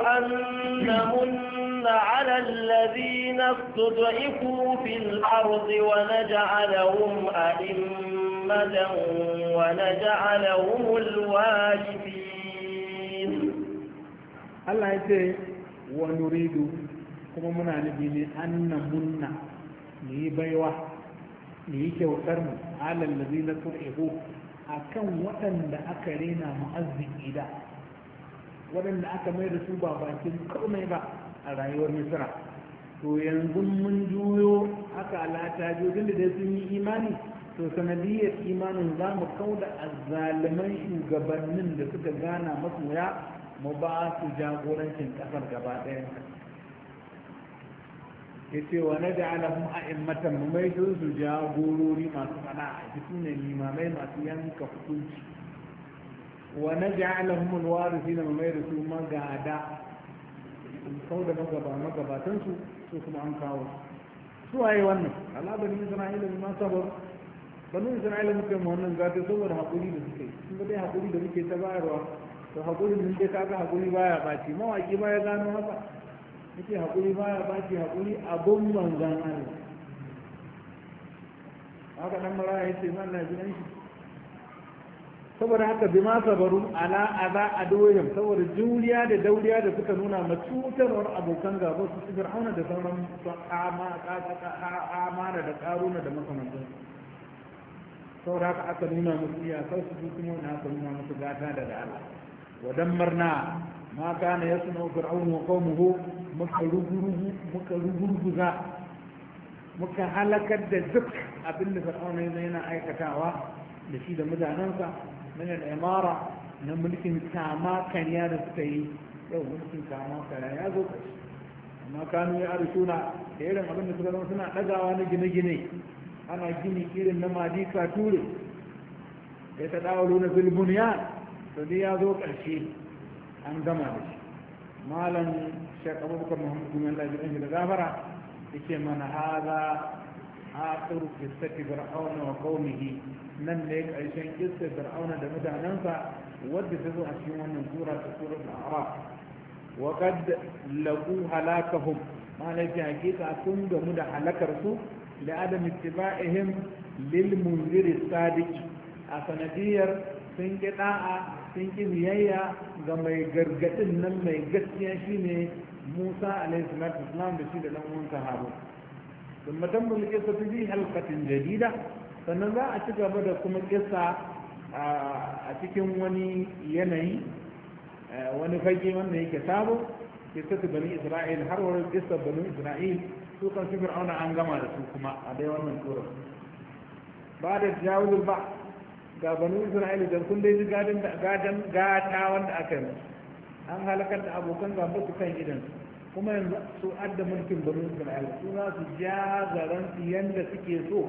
Speaker 2: نمن على الذين استضعفوا في الأرض ونجعلهم أئمة ونجعلهم الوارثين
Speaker 1: الله يقول ونريد كما منا نبي أن نمن ني بيوه ني على الذين استضعفوا Akan kan waɗanda aka rena ma'azziki da waɗanda aka mai da su ba bakin komai ba a rayuwar misira to yanzu mun juyo aka alata biyu da sun yi imani to sanadiyar imanin za mu kauda azzaliman shugabannin da suka gana masoya mu ba su jagorancin ƙasar gaba ɗaya yace wa naj'alahum a'immatan mu mai dun su jagorori masu a cikin ne limamai masu yanka hukunci wa naj'alahum alwarithin mu mai su magada sau da magaba magabatan su su kuma an kawo su waye wannan Allah bani Isra'ila ma sabar bani Isra'ila muke mu wannan zata saboda hakuri da suke sun ga dai hakuri da muke ta bayarwa to hakuri mun dai kaga hakuri baya baci mawaki baya gano haka nake haƙuri baya ba ke haƙuri abun manzan ba. haka ɗan mara ya ce zan na jiran shi saboda haka bi ma sabaru ala a za a adoyam saboda juriya da dauriya da suka nuna ma cutarwar abokan gaba su cikin auna da sauran amana da karuna da makamantar saboda haka aka nuna musu iyakar su kuma na aka nuna musu gata da Allah wa marna ma kana ya suna fir'aun wa qawmuhu muka rugurugu muka rugurguza muka halakar da duk abin da fir'aun yana aikatawa da shi da mutanensa da imara na mulkin kama kariya da suka yi yau mulkin kama kariya ya zo ƙarshe amma kanu ya arsuna da irin abin da suka zama suna ɗagawa na gine-gine ana gini irin na madika ture ya ta ɗawalo na bilbuniya to dai ya zo ƙarshe an gama da shi malam shek abubakar muhammadu mai lajirin da gafara yake mana haza akhiru qissati fir'auna wa qaumihi nan ne karshen qissar fir'auna da mutanensa wadda ta zo a cikin wannan tura ta sura da araf wa qad laqu halakahum malai hakika sun gamu da halakar su da adam ittiba'ihim lil munzir sadiq a sanadiyar sun ki da'a sun ƙi biyayya ga mai gargaɗin nan mai gaskiya shine musa alaihi salatu da shi da ɗan uwansa harun sun matan kisa ta bi halkatin jadida sannan za a ci gaba da kuma kisa a cikin wani yanayi wani fage wanda yake sabo kisa ta bani isra'il har wurin kisa bani isra'il su kan su fir'auna an gama da su kuma a dai wannan turar ba da jawulul ba ga banu isra'ila dan kun dai gadan da gadan gata wanda aka yi an halakar da abokan gaba su kan idan kuma yanzu su adda mulkin banu isra'ila su za su ja zaran su yanda suke so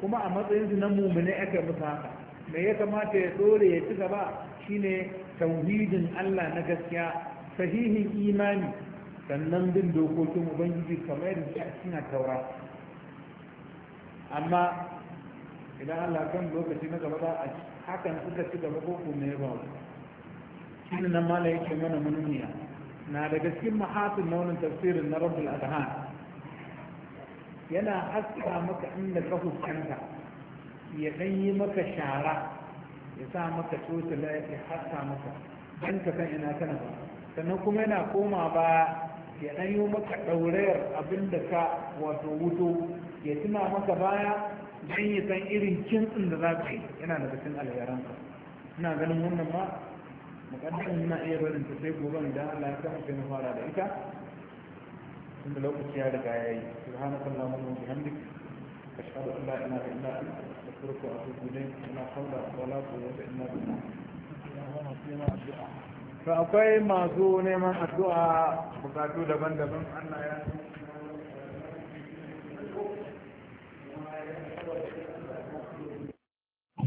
Speaker 1: kuma a matsayin su na mumune aka musu haka me ya kamata ya dole ya ci gaba shine tauhidin Allah na gaskiya sahihin imani sannan bin dokokin ubangiji kamar yadda a cikin taura amma idan Allah kan lokaci na gaba da hakan suka ci gaba ko kuma ya ba shi nan mala yake mana manuniya na daga cikin na wani tafsirin na rabbul adhan yana haska maka inda ka fuskanta ya dan yi maka shara ya sa maka tutula ya haska maka dan ka san ina kana ba sannan kuma yana koma ba ya dan yi maka daurayar abinda ka wato wuto ya tuna maka baya don ya san irin kintsin da za ka yi yana da cikin alheran ina ganin wannan ma na iya barin ta sai gobe da Allah ya sai fara da ita tun da lokaci ya riga ya yi wa ashhadu an la ilaha illa anta astaghfiruka wa atubu ilayk akwai masu neman addu'a bukatu daban-daban Allah ya